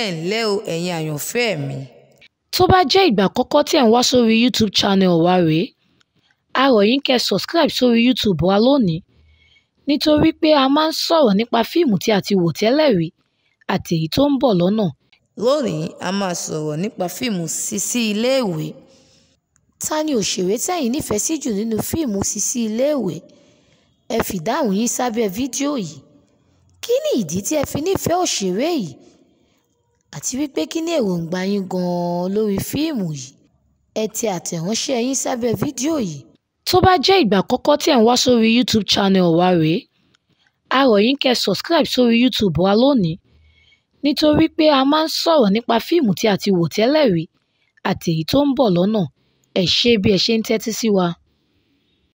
ẹ ǹlẹ́ o ẹ̀yin àyànfẹ́ mi. tó bá jẹ́ ìgbà àkọ́kọ́ tí ẹ̀ ń wá sórí youtube channel wa rèé a rọ̀ yín kẹ́ subscribe sórí youtube wa lónìí nítorí pé a máa ń sọ̀rọ̀ nípa fíìmù tí a ti wò tẹ́lẹ̀ rí àti èyí tó ń bọ̀ lọ́nà. lónìí a máa sọ̀rọ̀ nípa fíìmù Sisi Iléèwé ta ni òṣèré tẹ̀yin nífẹ̀ẹ́ sí jù nínú fíìmù Sisi Iléèwé ẹ fìdáhùn yín sábẹ́ fídíò yìí kí ni ìdí tí ẹ fi nífẹ̀ẹ́ òṣèré yìí àti wípé kí ni èròǹgbà yín gan-an lórí fíìmù yìí ẹ tẹ àtẹ̀ránṣẹ́ yín sábẹ́ fídíò yìí. tó bá jẹ́ ìgbà àkọ́kọ́ tẹ̀ ń wá sórí youtube channel wa rèé a rọ̀ yín kẹ́ subscribe sórí youtube wa lónìí nítorí pé a máa ń sọ̀rọ̀ nípa fíìmù tí a ti wò tẹ́lẹ̀ rí àti èyí tó ń bọ̀ lọ́nà ẹ ṣé bí ẹ ṣe ń tẹ́tí sí wa.